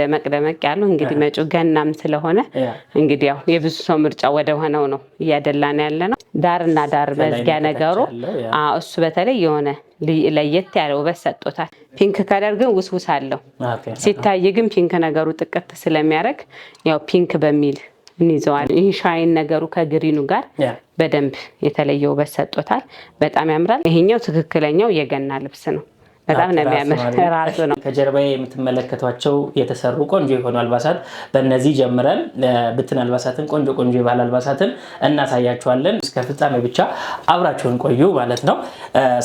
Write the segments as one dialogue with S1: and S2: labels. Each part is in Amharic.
S1: ደመቅ ደመቅ ያሉ እንግዲህ መጪው ገናም ስለሆነ እንግዲህ ያው የብዙ ሰው ምርጫ ወደ ሆነው ነው እያደላን ያለ ነው። ዳርና ዳር መዝጊያ ነገሩ እሱ በተለይ የሆነ ለየት ያለ ውበት ሰጥቶታል። ፒንክ ከለር ግን ውስውስ አለው ሲታይ ግን ፒንክ ነገሩ ጥቅት ስለሚያደርግ ያው ፒንክ በሚል እንይዘዋል። ይህ ሻይን ነገሩ ከግሪኑ ጋር በደንብ የተለየ ውበት ሰጥቶታል። በጣም ያምራል። ይሄኛው ትክክለኛው የገና ልብስ ነው። በጣም ነው የሚያምር ራሱ ነው።
S2: ከጀርባዬ የምትመለከቷቸው የተሰሩ ቆንጆ የሆኑ አልባሳት በእነዚህ ጀምረን ብትን አልባሳትን ቆንጆ ቆንጆ የባህል አልባሳትን እናሳያቸዋለን እስከ ፍጻሜ ብቻ አብራችሁን ቆዩ ማለት ነው።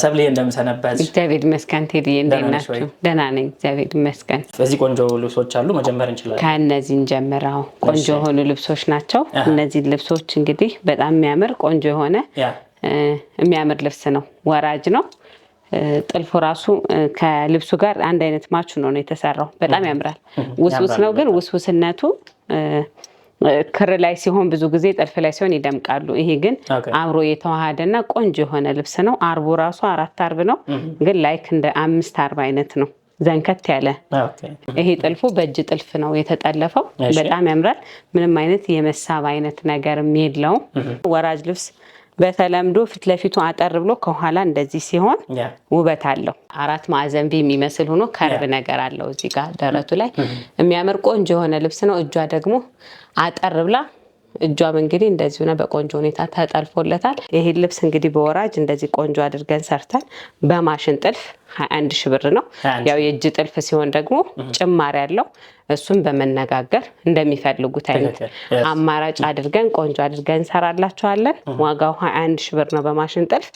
S2: ሰብሌ እንደምሰነበት
S1: እግዚአብሔር ይመስገን። ቴዲዬ እንደት ናችሁ? ደህና ነኝ እግዚአብሔር ይመስገን።
S2: በዚህ ቆንጆ ልብሶች አሉ፣ መጀመር እንችላለን።
S1: ከእነዚህ እንጀምረው። ቆንጆ የሆኑ ልብሶች ናቸው። እነዚህ ልብሶች እንግዲህ በጣም የሚያምር ቆንጆ የሆነ የሚያምር ልብስ ነው። ወራጅ ነው ጥልፉ ራሱ ከልብሱ ጋር አንድ አይነት ማቹ ነው ነው የተሰራው። በጣም ያምራል። ውስውስ ነው ግን ውስውስነቱ ክር ላይ ሲሆን ብዙ ጊዜ ጥልፍ ላይ ሲሆን ይደምቃሉ። ይሄ ግን አብሮ የተዋሃደና ቆንጆ የሆነ ልብስ ነው። አርቡ ራሱ አራት አርብ ነው ግን ላይክ እንደ አምስት አርብ አይነት ነው ዘንከት ያለ ይሄ ጥልፉ በእጅ ጥልፍ ነው የተጠለፈው። በጣም ያምራል። ምንም አይነት የመሳብ አይነት ነገርም የለውም። ወራጅ ልብስ በተለምዶ ፊት ለፊቱ አጠር ብሎ ከኋላ እንደዚህ ሲሆን ውበት አለው። አራት ማዕዘን ቢ የሚመስል ሆኖ ከርብ ነገር አለው እዚህ ጋር ደረቱ ላይ የሚያምር ቆንጆ የሆነ ልብስ ነው። እጇ ደግሞ አጠር ብላ እጇም እንግዲህ እንደዚህ ሆነ በቆንጆ ሁኔታ ተጠልፎለታል። ይህን ልብስ እንግዲህ በወራጅ እንደዚህ ቆንጆ አድርገን ሰርተን በማሽን ጥልፍ 21 ሺ ብር ነው። ያው የእጅ ጥልፍ ሲሆን ደግሞ ጭማሪ ያለው እሱን በመነጋገር እንደሚፈልጉት አይነት አማራጭ አድርገን ቆንጆ አድርገን እንሰራላቸዋለን። ዋጋው 21 ሺ ብር ነው በማሽን ጥልፍ።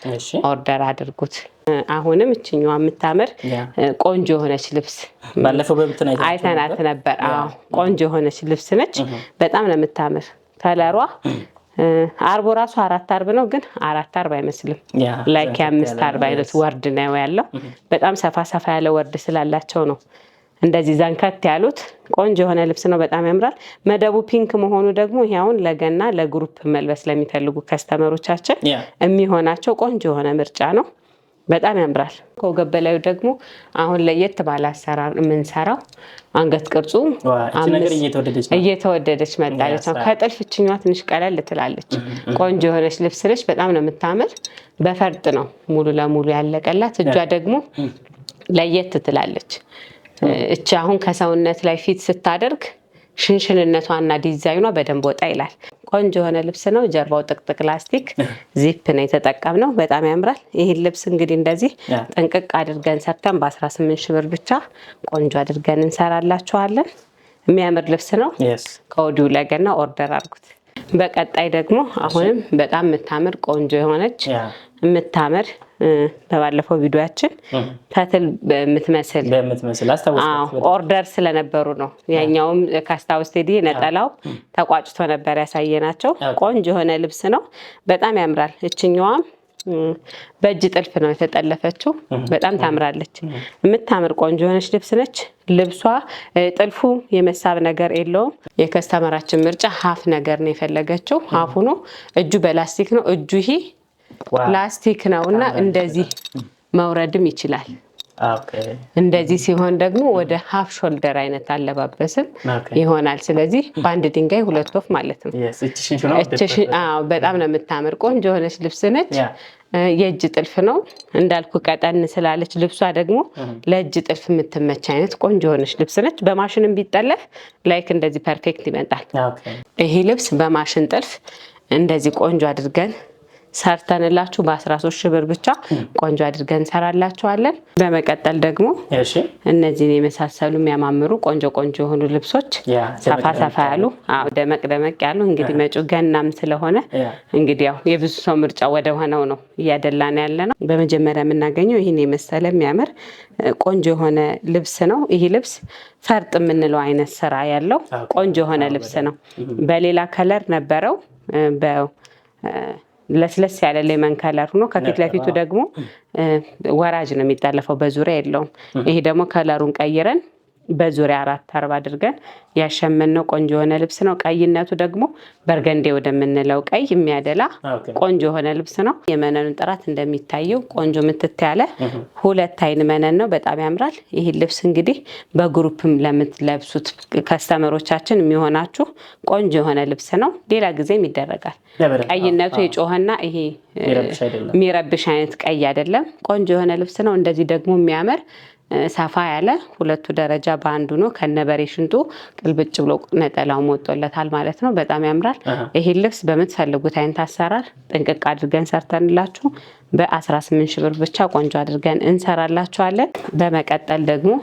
S1: ኦርደር አድርጉት። አሁንም እችኛዋ የምታምር ቆንጆ የሆነች ልብስ ባለፈው አይተናት ነበር። ቆንጆ የሆነች ልብስ ነች። በጣም ነው የምታምር ከለሯ አርቦ ራሱ አራት አርብ ነው፣ ግን አራት አርብ አይመስልም። ላይክ የአምስት አርብ አይነት ወርድ ነው ያለው። በጣም ሰፋ ሰፋ ያለ ወርድ ስላላቸው ነው እንደዚህ ዘንከት ያሉት። ቆንጆ የሆነ ልብስ ነው፣ በጣም ያምራል። መደቡ ፒንክ መሆኑ ደግሞ ይሄ አሁን ለገና ለግሩፕ መልበስ ለሚፈልጉ ከስተመሮቻችን የሚሆናቸው ቆንጆ የሆነ ምርጫ ነው። በጣም ያምራል። ከወገብ በላዩ ደግሞ አሁን ለየት ባለ አሰራር የምንሰራው አንገት ቅርጹ እየተወደደች መጣለች ነው። ከጥልፍ እችኛዋ ትንሽ ቀለል ትላለች። ቆንጆ የሆነች ልብስ ነች። በጣም ነው የምታምር። በፈርጥ ነው ሙሉ ለሙሉ ያለቀላት። እጇ ደግሞ ለየት ትላለች። እቺ አሁን ከሰውነት ላይ ፊት ስታደርግ ሽንሽንነቷና ዲዛይኗ በደንብ ወጣ ይላል። ቆንጆ የሆነ ልብስ ነው። ጀርባው ጥቅጥቅ ላስቲክ ዚፕ ነው የተጠቀምነው። በጣም ያምራል። ይህን ልብስ እንግዲህ እንደዚህ ጥንቅቅ አድርገን ሰርተን በ18 ሺህ ብር ብቻ ቆንጆ አድርገን እንሰራላችኋለን። የሚያምር ልብስ ነው። ከወዲሁ ለገና ኦርደር አድርጉት። በቀጣይ ደግሞ አሁንም በጣም የምታምር ቆንጆ የሆነች የምታምር በባለፈው ቪዲዮያችን ተትል በምትመስል ኦርደር ስለነበሩ ነው። ያኛውም ካስታው ነጠላው ተቋጭቶ ነበር ያሳየናቸው። ቆንጆ የሆነ ልብስ ነው፣ በጣም ያምራል። እችኛዋም በእጅ ጥልፍ ነው የተጠለፈችው። በጣም ታምራለች። የምታምር ቆንጆ የሆነች ልብስ ነች። ልብሷ ጥልፉ የመሳብ ነገር የለውም። የከስተመራችን ምርጫ ሀፍ ነገር ነው የፈለገችው። ሀፍ ሆኖ እጁ በላስቲክ ነው እጁ ይሄ ላስቲክ ነው እና እንደዚህ መውረድም ይችላል። እንደዚህ ሲሆን ደግሞ ወደ ሀፍ ሾልደር አይነት አለባበስም ይሆናል። ስለዚህ በአንድ ድንጋይ ሁለት ወፍ ማለት ነው። በጣም ነው የምታምር ቆንጆ የሆነች ልብስ ነች። የእጅ ጥልፍ ነው እንዳልኩ ቀጠን ስላለች ልብሷ ደግሞ ለእጅ ጥልፍ የምትመች አይነት ቆንጆ የሆነች ልብስ ነች። በማሽንም ቢጠለፍ ላይክ እንደዚህ ፐርፌክት ይመጣል። ይሄ ልብስ በማሽን ጥልፍ እንደዚህ ቆንጆ አድርገን ሰርተንላችሁ በ13 ሺህ ብር ብቻ ቆንጆ አድርገን እንሰራላችኋለን። በመቀጠል ደግሞ እነዚህን የመሳሰሉ የሚያማምሩ ቆንጆ ቆንጆ የሆኑ ልብሶች ሰፋ ሰፋ ያሉ ደመቅ ደመቅ ያሉ እንግዲህ መጪው ገናም ስለሆነ እንግዲህ ያው የብዙ ሰው ምርጫ ወደ ሆነው ነው እያደላን ያለ ነው። በመጀመሪያ የምናገኘው ይህን የመሰለ የሚያምር ቆንጆ የሆነ ልብስ ነው። ይህ ልብስ ፈርጥ የምንለው አይነት ስራ ያለው ቆንጆ የሆነ ልብስ ነው። በሌላ ከለር ነበረው ለስለስ ያለ ሌመን ከለር ሆኖ ከፊት ለፊቱ ደግሞ ወራጅ ነው የሚጠለፈው፣ በዙሪያ የለውም። ይሄ ደግሞ ከለሩን ቀይረን በዙሪያ አራት አርብ አድርገን ያሸመነው ቆንጆ የሆነ ልብስ ነው። ቀይነቱ ደግሞ በርገንዴ ወደምንለው ቀይ የሚያደላ ቆንጆ የሆነ ልብስ ነው። የመነኑ ጥራት እንደሚታየው ቆንጆ ምትት ያለ ሁለት አይን መነን ነው። በጣም ያምራል። ይህ ልብስ እንግዲህ በግሩፕም ለምትለብሱት ከስተመሮቻችን የሚሆናችሁ ቆንጆ የሆነ ልብስ ነው። ሌላ ጊዜም ይደረጋል። ቀይነቱ የጮኸና ይሄ የሚረብሽ አይነት ቀይ አይደለም። ቆንጆ የሆነ ልብስ ነው። እንደዚህ ደግሞ የሚያምር ሰፋ ያለ ሁለቱ ደረጃ በአንዱ ነው ከነበሬ ሽንጡ ቅልብጭ ብሎ ነጠላው ወጦለታል ማለት ነው። በጣም ያምራል። ይህ ልብስ በምትፈልጉት አይነት አሰራር ጥንቅቅ አድርገን ሰርተንላችሁ በ18 ሺህ ብር ብቻ ቆንጆ አድርገን እንሰራላችኋለን። በመቀጠል ደግሞ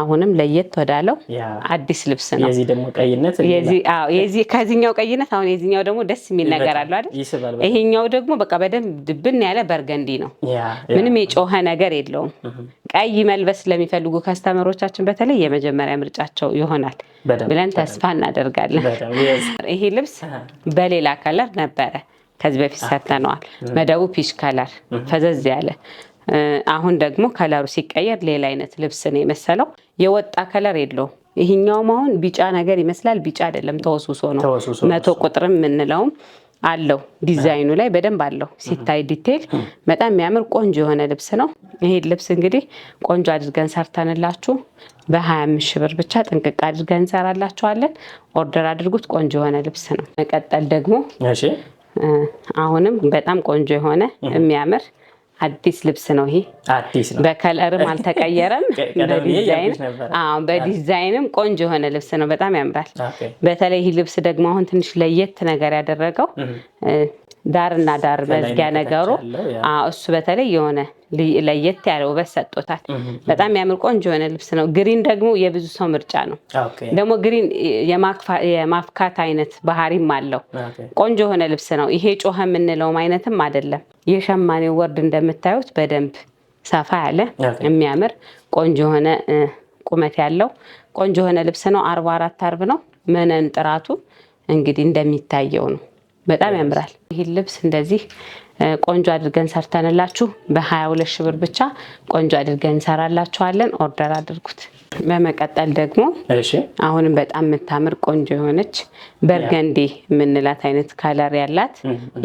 S1: አሁንም ለየት ወዳለው አዲስ ልብስ ነው።
S2: የዚህ ቀይነት
S1: ከዚህኛው ቀይነት አሁን የዚኛው ደግሞ ደስ የሚል ነገር አለ አይደል? ይሄኛው ደግሞ በቃ በደንብ ድብን ያለ በርገንዲ ነው። ምንም የጮኸ ነገር የለውም። ቀይ መልበስ ለሚፈልጉ ከስተመሮቻችን በተለይ የመጀመሪያ ምርጫቸው ይሆናል ብለን ተስፋ እናደርጋለን። ይሄ ልብስ በሌላ ከለር ነበረ ከዚህ በፊት ሰርተነዋል። መደቡ ፒች ከለር ፈዘዝ ያለ አሁን ደግሞ ከለሩ ሲቀየር ሌላ አይነት ልብስ ነው የመሰለው። የወጣ ከለር የለውም። ይህኛውም አሁን ቢጫ ነገር ይመስላል። ቢጫ አይደለም፣ ተወሱሶ ነው። መቶ ቁጥርም የምንለውም አለው ዲዛይኑ ላይ በደንብ አለው ሲታይ ዲቴል በጣም የሚያምር ቆንጆ የሆነ ልብስ ነው። ይሄን ልብስ እንግዲህ ቆንጆ አድርገን ሰርተንላችሁ በ25 ሺህ ብር ብቻ ጥንቅቅ አድርገን እንሰራላችኋለን። ኦርደር አድርጉት። ቆንጆ የሆነ ልብስ ነው። መቀጠል ደግሞ አሁንም በጣም ቆንጆ የሆነ የሚያምር አዲስ ልብስ ነው ይሄ። በከለርም አልተቀየረም፣ በዲዛይንም ቆንጆ የሆነ ልብስ ነው። በጣም ያምራል። በተለይ ይህ ልብስ ደግሞ አሁን ትንሽ ለየት ነገር ያደረገው ዳርና ዳር መዝጊያ ነገሩ እሱ በተለይ የሆነ ለየት ያለ ውበት ሰጥቶታል። በጣም የሚያምር ቆንጆ የሆነ ልብስ ነው። ግሪን ደግሞ የብዙ ሰው ምርጫ ነው። ደግሞ ግሪን የማፍካት አይነት ባህሪም አለው። ቆንጆ የሆነ ልብስ ነው። ይሄ ጮኸ የምንለውም አይነትም አይደለም። የሸማኔው ወርድ እንደምታዩት በደንብ ሰፋ ያለ የሚያምር ቆንጆ የሆነ ቁመት ያለው ቆንጆ የሆነ ልብስ ነው። አርባ አራት አርብ ነው። መነን ጥራቱ እንግዲህ እንደሚታየው ነው። በጣም ያምራል። ይህ ልብስ እንደዚህ ቆንጆ አድርገን ሰርተንላችሁ በ22 ሺህ ብር ብቻ ቆንጆ አድርገን እንሰራላችኋለን። ኦርደር አድርጉት። በመቀጠል ደግሞ አሁንም በጣም የምታምር ቆንጆ የሆነች በርገንዴ የምንላት አይነት ከለር ያላት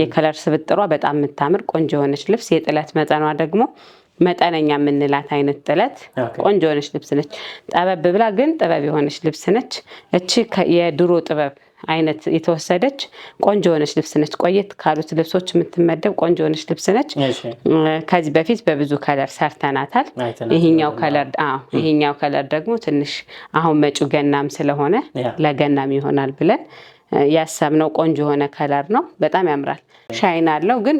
S1: የከለር ስብጥሯ በጣም የምታምር ቆንጆ የሆነች ልብስ የጥለት መጠኗ ደግሞ መጠነኛ የምንላት አይነት ጥለት ቆንጆ የሆነች ልብስ ነች። ጠበብ ብላ ግን ጥበብ የሆነች ልብስ ነች። እቺ የድሮ ጥበብ አይነት የተወሰደች ቆንጆ የሆነች ልብስ ነች። ቆየት ካሉት ልብሶች የምትመደብ ቆንጆ የሆነች ልብስ ነች። ከዚህ በፊት በብዙ ከለር ሰርተናታል። ይሄኛው ከለር ይሄኛው ከለር ደግሞ ትንሽ አሁን መጪው ገናም ስለሆነ ለገናም ይሆናል ብለን ያሰብነው ቆንጆ የሆነ ከለር ነው። በጣም ያምራል። ሻይን አለው ግን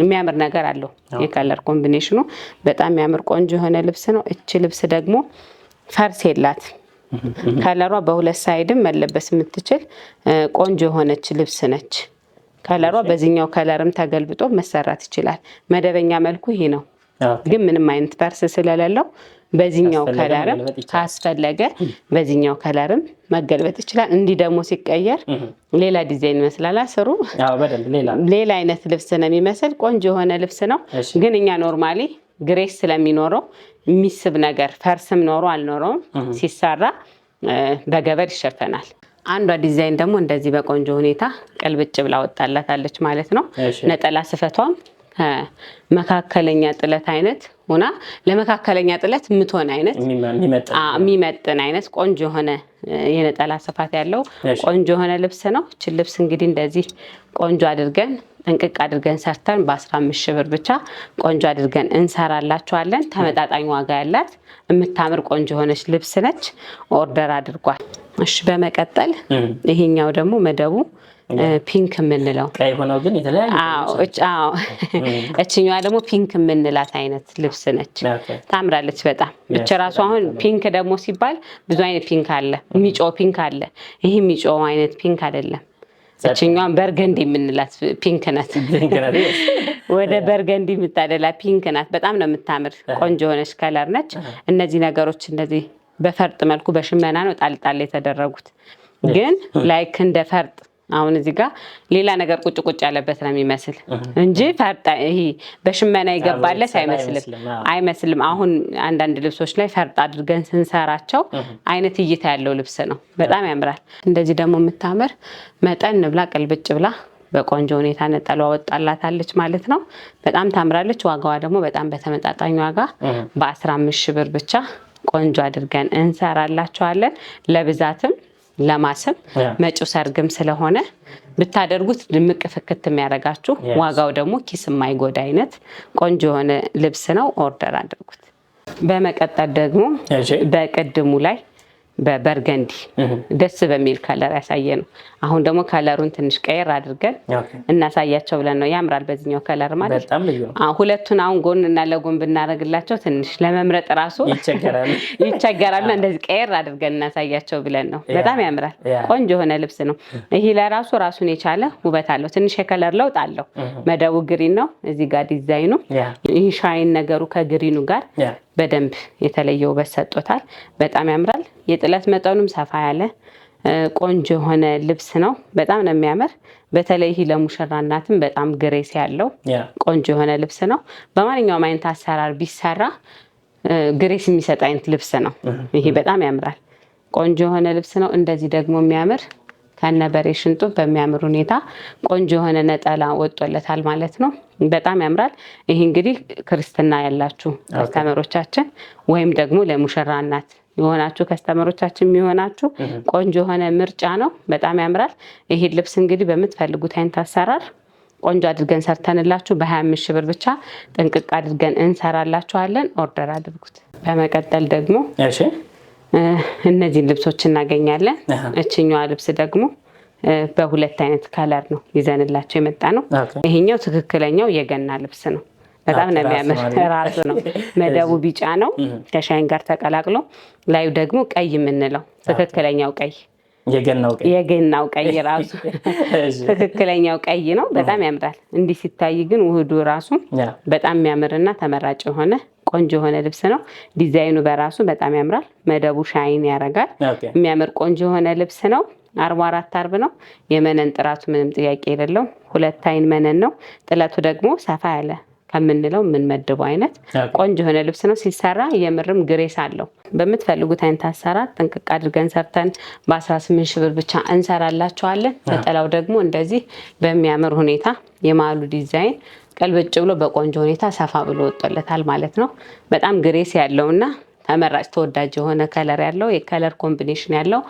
S1: የሚያምር ነገር አለው። የከለር ኮምቢኔሽኑ በጣም የሚያምር ቆንጆ የሆነ ልብስ ነው። እች ልብስ ደግሞ ፈርስ የላት ከለሯ በሁለት ሳይድም መለበስ የምትችል ቆንጆ የሆነች ልብስ ነች። ከለሯ በዚህኛው ከለርም ተገልብጦ መሰራት ይችላል። መደበኛ መልኩ ይሄ ነው፣ ግን ምንም አይነት ፐርስ ስለሌለው በዚህኛው ከለርም ካስፈለገ በዚህኛው ከለርም መገልበጥ ይችላል። እንዲህ ደግሞ ሲቀየር ሌላ ዲዛይን ይመስላል። አስሩ ሌላ አይነት ልብስ ነው የሚመስል ቆንጆ የሆነ ልብስ ነው። ግን እኛ ኖርማሊ ግሬስ ስለሚኖረው የሚስብ ነገር ፈርስም ኖሮ አልኖረውም ሲሰራ በገበር ይሸፈናል። አንዷ ዲዛይን ደግሞ እንደዚህ በቆንጆ ሁኔታ ቅልብጭ ብላ ወጣላታለች ማለት ነው። ነጠላ ስፈቷም መካከለኛ ጥለት አይነት ሆና ለመካከለኛ ጥለት የምትሆን አይነት የሚመጥን አይነት ቆንጆ የሆነ የነጠላ ስፋት ያለው ቆንጆ የሆነ ልብስ ነው። እችን ልብስ እንግዲህ እንደዚህ ቆንጆ አድርገን እንቅቅ አድርገን ሰርተን በ15 ሺህ ብር ብቻ ቆንጆ አድርገን እንሰራላችኋለን። ተመጣጣኝ ዋጋ ያላት የምታምር ቆንጆ የሆነች ልብስ ነች። ኦርደር አድርጓል። እሺ፣ በመቀጠል ይሄኛው ደግሞ መደቡ ፒንክ የምንለው
S2: ቀይ ሆነው ግን የተለያዩ
S1: እችኛዋ ደግሞ ፒንክ የምንላት አይነት ልብስ ነች። ታምራለች በጣም ብቻ ራሱ አሁን ፒንክ ደግሞ ሲባል ብዙ አይነት ፒንክ አለ። ሚጮ ፒንክ አለ። ይህ ሚጮ አይነት ፒንክ አይደለም። እችኛዋን በርገንድ የምንላት ፒንክ ናት። ወደ በርገንድ የምታደላ ፒንክ ናት። በጣም ነው የምታምር። ቆንጆ የሆነች ከለር ነች። እነዚህ ነገሮች እንደዚህ በፈርጥ መልኩ በሽመና ነው ጣልጣል የተደረጉት፣ ግን ላይክ እንደ ፈርጥ አሁን እዚህ ጋር ሌላ ነገር ቁጭ ቁጭ ያለበት ነው የሚመስል እንጂ ፈርጣ ይሄ በሽመና ይገባለት አይመስልም አይመስልም። አሁን አንዳንድ ልብሶች ላይ ፈርጣ አድርገን ስንሰራቸው አይነት እይታ ያለው ልብስ ነው፣ በጣም ያምራል። እንደዚህ ደግሞ የምታምር መጠን ብላ ቅልብጭ ብላ በቆንጆ ሁኔታ ነጠሏ ወጣላታለች ማለት ነው። በጣም ታምራለች። ዋጋዋ ደግሞ በጣም በተመጣጣኝ ዋጋ በ15 ሺህ ብር ብቻ ቆንጆ አድርገን እንሰራላችኋለን ለብዛትም ለማስም መጪው ሰርግም ስለሆነ ብታደርጉት ድምቅ ፍክት የሚያደርጋችሁ ዋጋው ደግሞ ኪስ የማይጎዳ አይነት ቆንጆ የሆነ ልብስ ነው። ኦርደር አድርጉት። በመቀጠል ደግሞ በቅድሙ ላይ በበርገንዲ ደስ በሚል ከለር ያሳየ ነው። አሁን ደግሞ ከለሩን ትንሽ ቀየር አድርገን እናሳያቸው ብለን ነው። ያምራል በዚህኛው ከለር ማለት ሁለቱን አሁን ጎን እና ለጎን ብናደርግላቸው ትንሽ ለመምረጥ ራሱ
S2: ይቸገራል
S1: ና እንደዚህ ቀየር አድርገን እናሳያቸው ብለን ነው። በጣም ያምራል። ቆንጆ የሆነ ልብስ ነው። ይህ ለራሱ ራሱን የቻለ ውበት አለው። ትንሽ የከለር ለውጥ አለው። መደቡ ግሪን ነው። እዚህ ጋር ዲዛይኑ ይህ ሻይን ነገሩ ከግሪኑ ጋር በደንብ የተለየ ውበት ሰጥቶታል። በጣም ያምራል። የጥለት መጠኑም ሰፋ ያለ ቆንጆ የሆነ ልብስ ነው። በጣም ነው የሚያምር። በተለይ ይህ ለሙሽራ እናትም በጣም ግሬስ ያለው ቆንጆ የሆነ ልብስ ነው። በማንኛውም አይነት አሰራር ቢሰራ ግሬስ የሚሰጥ አይነት ልብስ ነው። ይሄ በጣም ያምራል። ቆንጆ የሆነ ልብስ ነው። እንደዚህ ደግሞ የሚያምር ከነበሬ ሽንጡ በሚያምር ሁኔታ ቆንጆ የሆነ ነጠላ ወጥቶለታል ማለት ነው። በጣም ያምራል። ይህ እንግዲህ ክርስትና ያላችሁ ከስተመሮቻችን ወይም ደግሞ ለሙሽራ እናት የሆናችሁ ከስተመሮቻችን የሚሆናችሁ ቆንጆ የሆነ ምርጫ ነው። በጣም ያምራል። ይህ ልብስ እንግዲህ በምትፈልጉት አይነት አሰራር ቆንጆ አድርገን ሰርተንላችሁ በ25 ሺህ ብር ብቻ ጥንቅቅ አድርገን እንሰራላችኋለን። ኦርደር አድርጉት። በመቀጠል ደግሞ እነዚህን ልብሶች እናገኛለን። እችኛዋ ልብስ ደግሞ በሁለት አይነት ከለር ነው ይዘንላቸው የመጣ ነው። ይሄኛው ትክክለኛው የገና ልብስ ነው። በጣም ነው የሚያምር። ራሱ ነው መደቡ ቢጫ ነው ከሻይን ጋር ተቀላቅሎ፣ ላዩ ደግሞ ቀይ የምንለው ትክክለኛው ቀይ የገናው ቀይ ራሱ ትክክለኛው ቀይ ነው። በጣም ያምራል። እንዲህ ሲታይ ግን ውህዱ ራሱ በጣም የሚያምርና ተመራጭ የሆነ ቆንጆ የሆነ ልብስ ነው። ዲዛይኑ በራሱ በጣም ያምራል። መደቡ ሻይን ያረጋል። የሚያምር ቆንጆ የሆነ ልብስ ነው። አርባ አራት አርብ ነው። የመነን ጥራቱ ምንም ጥያቄ የሌለው ሁለት አይን መነን ነው። ጥለቱ ደግሞ ሰፋ ያለ ከምንለው የምንመድበው አይነት ቆንጆ የሆነ ልብስ ነው። ሲሰራ የምርም ግሬስ አለው። በምትፈልጉት አይነት አሰራር ጥንቅቅ አድርገን ሰርተን በ18 ሺህ ብር ብቻ እንሰራላቸዋለን። ነጠላው ደግሞ እንደዚህ በሚያምር ሁኔታ የማሉ ዲዛይን ቀልበጭ ብሎ በቆንጆ ሁኔታ ሰፋ ብሎ ወጦለታል ማለት ነው። በጣም ግሬስ ያለውና ተመራጭ ተወዳጅ የሆነ ከለር ያለው የከለር ኮምቢኔሽን ያለው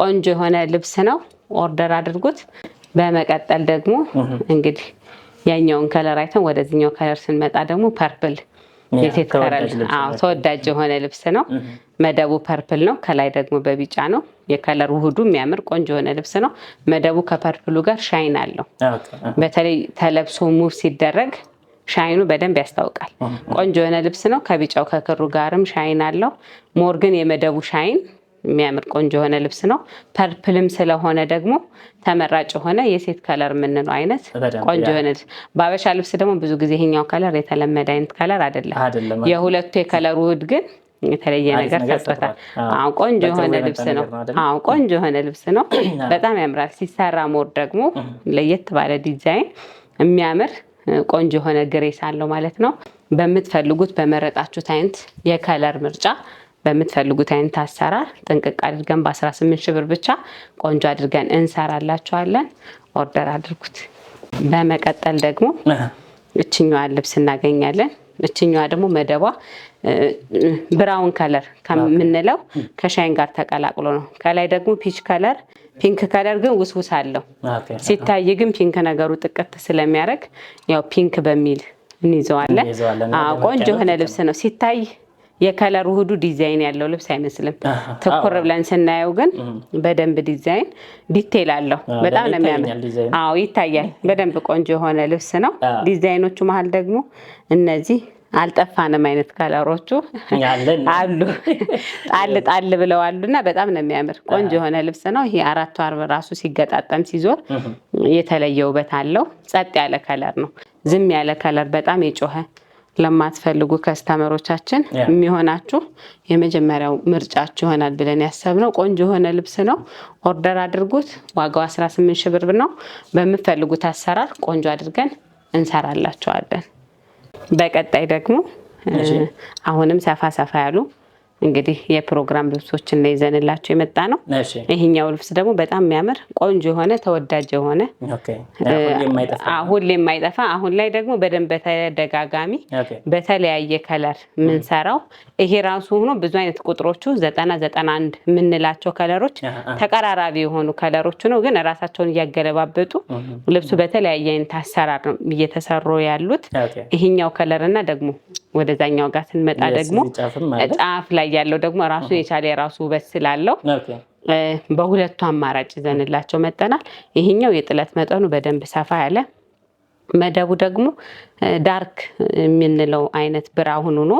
S1: ቆንጆ የሆነ ልብስ ነው። ኦርደር አድርጉት። በመቀጠል ደግሞ እንግዲህ ያኛውን ከለር አይተን ወደዚኛው ከለር ስንመጣ ደግሞ ፐርፕል የሴት ከለር ተወዳጅ የሆነ ልብስ ነው። መደቡ ፐርፕል ነው፣ ከላይ ደግሞ በቢጫ ነው። የከለር ውህዱ የሚያምር ቆንጆ የሆነ ልብስ ነው። መደቡ ከፐርፕሉ ጋር ሻይን አለው። በተለይ ተለብሶ ሙቭ ሲደረግ ሻይኑ በደንብ ያስታውቃል። ቆንጆ የሆነ ልብስ ነው። ከቢጫው ከክሩ ጋርም ሻይን አለው። ሞር ግን የመደቡ ሻይን የሚያምር ቆንጆ የሆነ ልብስ ነው። ፐርፕልም ስለሆነ ደግሞ ተመራጭ የሆነ የሴት ከለር የምንለው አይነት ቆንጆ የሆነ ልብስ። በአበሻ ልብስ ደግሞ ብዙ ጊዜ ይሄኛው ከለር የተለመደ አይነት ከለር
S2: አይደለም።
S1: የሁለቱ የከለር ውህድ ግን የተለየ ነገር ሰጥቶታል። አሁን ቆንጆ የሆነ ልብስ ነው። አሁን ቆንጆ የሆነ ልብስ ነው። በጣም ያምራል። ሲሰራ ሞር ደግሞ ለየት ባለ ዲዛይን የሚያምር ቆንጆ የሆነ ግሬስ አለው ማለት ነው። በምትፈልጉት በመረጣችሁት አይነት የከለር ምርጫ በምትፈልጉት አይነት አሰራር ጥንቅቅ አድርገን በ18 ሺህ ብር ብቻ ቆንጆ አድርገን እንሰራላችኋለን። ኦርደር አድርጉት። በመቀጠል ደግሞ እችኛዋን ልብስ እናገኛለን። እችኛዋ ደግሞ መደቧ ብራውን ከለር ከምንለው ከሻይን ጋር ተቀላቅሎ ነው። ከላይ ደግሞ ፒች ከለር፣ ፒንክ ከለር ግን ውስውስ አለው። ሲታይ ግን ፒንክ ነገሩ ጥቅት ስለሚያደርግ ያው ፒንክ በሚል እንይዘዋለን። ቆንጆ የሆነ ልብስ ነው ሲታይ የከለር ውህዱ ዲዛይን ያለው ልብስ አይመስልም። ትኩር ብለን ስናየው ግን በደንብ ዲዛይን ዲቴል አለው። በጣም ነው የሚያምር። አዎ ይታያል። በደንብ ቆንጆ የሆነ ልብስ ነው። ዲዛይኖቹ መሀል ደግሞ እነዚህ አልጠፋንም አይነት ከለሮቹ አሉ። ጣል ጣል ብለዋሉ እና በጣም ነው የሚያምር ቆንጆ የሆነ ልብስ ነው። ይሄ አራቱ አርብ ራሱ ሲገጣጠም ሲዞር የተለየ ውበት አለው። ጸጥ ያለ ከለር ነው። ዝም ያለ ከለር በጣም የጮኸ ለማትፈልጉ ከስተመሮቻችን የሚሆናችሁ የመጀመሪያው ምርጫችሁ ይሆናል ብለን ያሰብነው ቆንጆ የሆነ ልብስ ነው። ኦርደር አድርጉት። ዋጋው 18 ሺህ ብር ነው። በምትፈልጉት አሰራር ቆንጆ አድርገን እንሰራላችኋለን። በቀጣይ ደግሞ አሁንም ሰፋ ሰፋ ያሉ እንግዲህ የፕሮግራም ልብሶችን ነው ይዘንላቸው የመጣ ነው። ይሄኛው ልብስ ደግሞ በጣም የሚያምር ቆንጆ የሆነ ተወዳጅ የሆነ ሁሌ የማይጠፋ አሁን ላይ ደግሞ በደንብ በተደጋጋሚ በተለያየ ከለር የምንሰራው ይሄ ራሱ ሆኖ ብዙ አይነት ቁጥሮቹ ዘጠና ዘጠና አንድ የምንላቸው ከለሮች ተቀራራቢ የሆኑ ከለሮች ነው፣ ግን ራሳቸውን እያገለባበጡ ልብሱ በተለያየ አይነት አሰራር ነው እየተሰሩ ያሉት። ይሄኛው ከለር እና ደግሞ ወደዛኛው ጋር ስንመጣ ደግሞ ጫፍ ላይ ያለው ደግሞ ራሱን የቻለ የራሱ ውበት ስላለው በሁለቱ አማራጭ ይዘንላቸው መጠናል። ይሄኛው የጥለት መጠኑ በደንብ ሰፋ ያለ መደቡ ደግሞ ዳርክ የምንለው አይነት ብራውን ሆኖ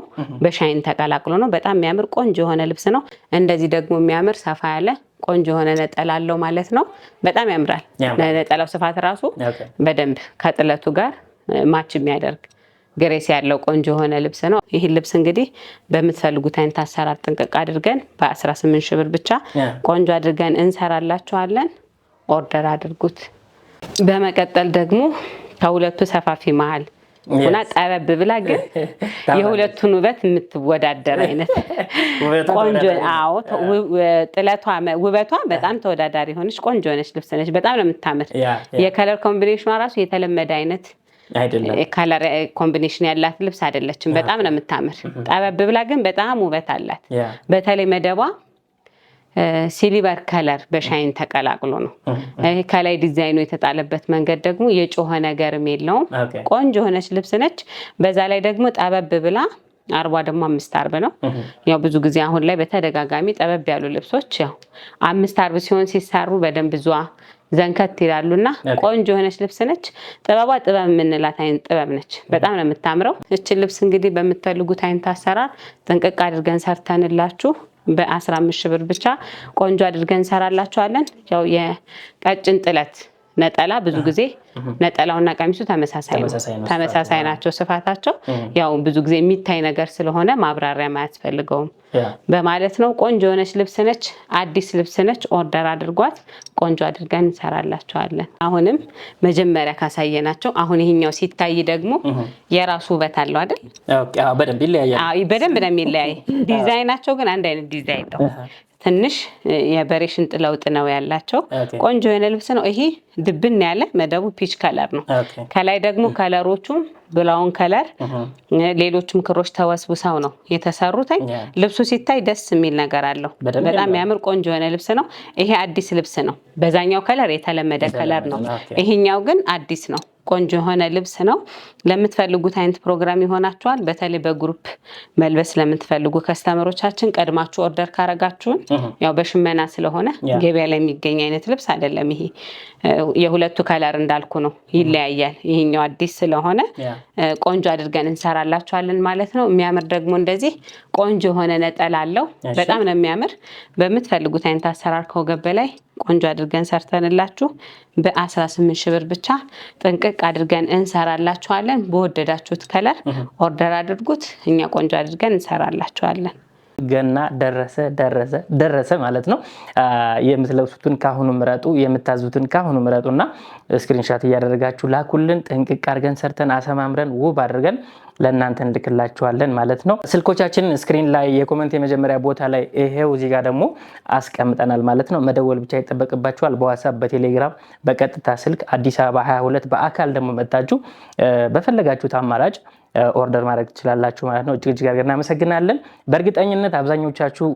S1: በሻይን ተቀላቅሎ ነው። በጣም የሚያምር ቆንጆ የሆነ ልብስ ነው። እንደዚህ ደግሞ የሚያምር ሰፋ ያለ ቆንጆ የሆነ ነጠላ አለው ማለት ነው። በጣም ያምራል። ነጠላው ስፋት ራሱ በደንብ ከጥለቱ ጋር ማች የሚያደርግ ግሬስ ያለው ቆንጆ የሆነ ልብስ ነው። ይህን ልብስ እንግዲህ በምትፈልጉት አይነት አሰራር ጥንቅቅ አድርገን በ18 ሺህ ብር ብቻ ቆንጆ አድርገን እንሰራላችኋለን። ኦርደር አድርጉት። በመቀጠል ደግሞ ከሁለቱ ሰፋፊ መሀል ሆና ጠረብ ብላ ግን የሁለቱን ውበት የምትወዳደር አይነት ቆንጆ ጥለቷ ውበቷ በጣም ተወዳዳሪ የሆነች ቆንጆ ነች ልብስ ነች። በጣም ነው የምታምር። የከለር ኮምቢኔሽኗ ራሱ የተለመደ አይነት ከለር ኮምቢኔሽን ያላት ልብስ አይደለችም። በጣም ነው የምታምር። ጠበብ ብላ ግን በጣም ውበት አላት። በተለይ መደቧ ሲሊቨር ከለር በሻይን ተቀላቅሎ ነው። ይሄ ከላይ ዲዛይኑ የተጣለበት መንገድ ደግሞ የጮኸ ነገርም የለውም። ቆንጆ የሆነች ልብስ ነች። በዛ ላይ ደግሞ ጠበብ ብላ አርቧ ደግሞ አምስት አርብ ነው። ያው ብዙ ጊዜ አሁን ላይ በተደጋጋሚ ጠበብ ያሉ ልብሶች ያው አምስት አርብ ሲሆን ሲሰሩ በደንብ ዟ ዘንከት ይላሉ እና ቆንጆ የሆነች ልብስ ነች። ጥበቧ ጥበብ የምንላት አይነት ጥበብ ነች። በጣም ነው የምታምረው። እችን ልብስ እንግዲህ በምትፈልጉት አይነት አሰራር ጥንቅቅ አድርገን ሰርተንላችሁ በ አምስት ሺህ ብር ብቻ ቆንጆ አድርገን እንሰራላችኋለን። ያው የቀጭን ጥለት ነጠላ ብዙ ጊዜ ነጠላውና ቀሚሱ ተመሳሳይ ናቸው ስፋታቸው። ያው ብዙ ጊዜ የሚታይ ነገር ስለሆነ ማብራሪያም አያስፈልገውም በማለት ነው። ቆንጆ የሆነች ልብስ ነች፣ አዲስ ልብስ ነች። ኦርደር አድርጓት ቆንጆ አድርገን እንሰራላቸዋለን። አሁንም መጀመሪያ ካሳየናቸው አሁን ይሄኛው ሲታይ ደግሞ የራሱ ውበት አለው አይደል? በደንብ ነው የሚለያይ። ዲዛይናቸው ግን አንድ አይነት ዲዛይን ነው። ትንሽ የበሬ ሽንጥ ለውጥ ነው ያላቸው። ቆንጆ የሆነ ልብስ ነው ይሄ። ድብን ያለ መደቡ ፒች ከለር ነው። ከላይ ደግሞ ከለሮቹ ብላውን ከለር፣ ሌሎችም ክሮች ተወስብሰው ነው የተሰሩትኝ። ልብሱ ሲታይ ደስ የሚል ነገር አለው። በጣም የሚያምር ቆንጆ የሆነ ልብስ ነው ይሄ። አዲስ ልብስ ነው። በዛኛው ከለር የተለመደ ከለር ነው። ይሄኛው ግን አዲስ ነው። ቆንጆ የሆነ ልብስ ነው። ለምትፈልጉት አይነት ፕሮግራም ይሆናችኋል። በተለይ በግሩፕ መልበስ ለምትፈልጉ ከስተመሮቻችን ቀድማችሁ ኦርደር ካረጋችሁን ያው በሽመና ስለሆነ ገበያ ላይ የሚገኝ አይነት ልብስ አይደለም። ይሄ የሁለቱ ከለር እንዳልኩ ነው፣ ይለያያል። ይሄኛው አዲስ ስለሆነ ቆንጆ አድርገን እንሰራላችኋለን ማለት ነው። የሚያምር ደግሞ እንደዚህ ቆንጆ የሆነ ነጠላ አለው። በጣም ነው የሚያምር። በምትፈልጉት አይነት አሰራር ከወገብ በላይ ቆንጆ አድርገን ሰርተንላችሁ በ18 ሺህ ብር ብቻ ጥንቅቅ አድርገን እንሰራላችኋለን። በወደዳችሁት ከለር ኦርደር አድርጉት። እኛ ቆንጆ አድርገን እንሰራላችኋለን።
S2: ገና ደረሰ ደረሰ ደረሰ ማለት ነው። የምትለብሱትን ካሁኑ ምረጡ፣ የምታዙትን ካሁኑ ምረጡና ስክሪንሻት እያደረጋችሁ ላኩልን። ጥንቅቅ አድርገን ሰርተን አሰማምረን ውብ አድርገን ለእናንተ እንልክላችኋለን ማለት ነው። ስልኮቻችን ስክሪን ላይ የኮመንት የመጀመሪያ ቦታ ላይ ይሄው እዚህ ጋር ደግሞ አስቀምጠናል ማለት ነው። መደወል ብቻ ይጠበቅባችኋል። በዋትሳፕ በቴሌግራም በቀጥታ ስልክ አዲስ አበባ 22 በአካል ደግሞ መታችሁ በፈለጋችሁት አማራጭ ኦርደር ማድረግ ትችላላችሁ ማለት ነው። እጅግ እጅግ እናመሰግናለን። በእርግጠኝነት አብዛኞቻችሁ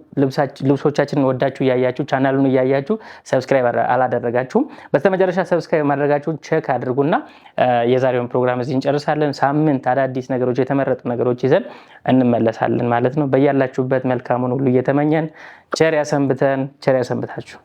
S2: ልብሶቻችንን ወዳችሁ እያያችሁ ቻናሉን እያያችሁ ሰብስክራይብ አላደረጋችሁም። በስተመጨረሻ ሰብስክራይብ ማድረጋችሁን ቼክ አድርጉና የዛሬውን ፕሮግራም እዚህ እንጨርሳለን። ሳምንት አዳዲስ ነገሮች፣ የተመረጡ ነገሮች ይዘን እንመለሳለን ማለት ነው። በያላችሁበት መልካሙን ሁሉ እየተመኘን ቸር ያሰንብተን፣ ቸር ያሰንብታችሁ።